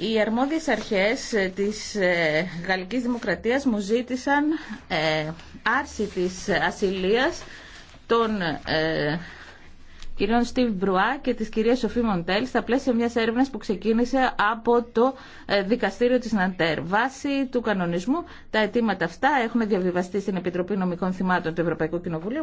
Οι αρμόδιες αρχές ε, της ε, Γαλλικής Δημοκρατίας μου ζήτησαν ε, άρση της ασυλίας των κυρίων Στίβ Μπρουά και της κυρίας Σοφή Μοντέλ στα πλαίσια μιας έρευνας που ξεκίνησε από το δικαστήριο της Ναντέρ. Βάσει του κανονισμού τα αιτήματα αυτά έχουν διαβιβαστεί στην Επιτροπή Νομικών Θυμάτων του Ευρωπαϊκού Κοινοβουλίου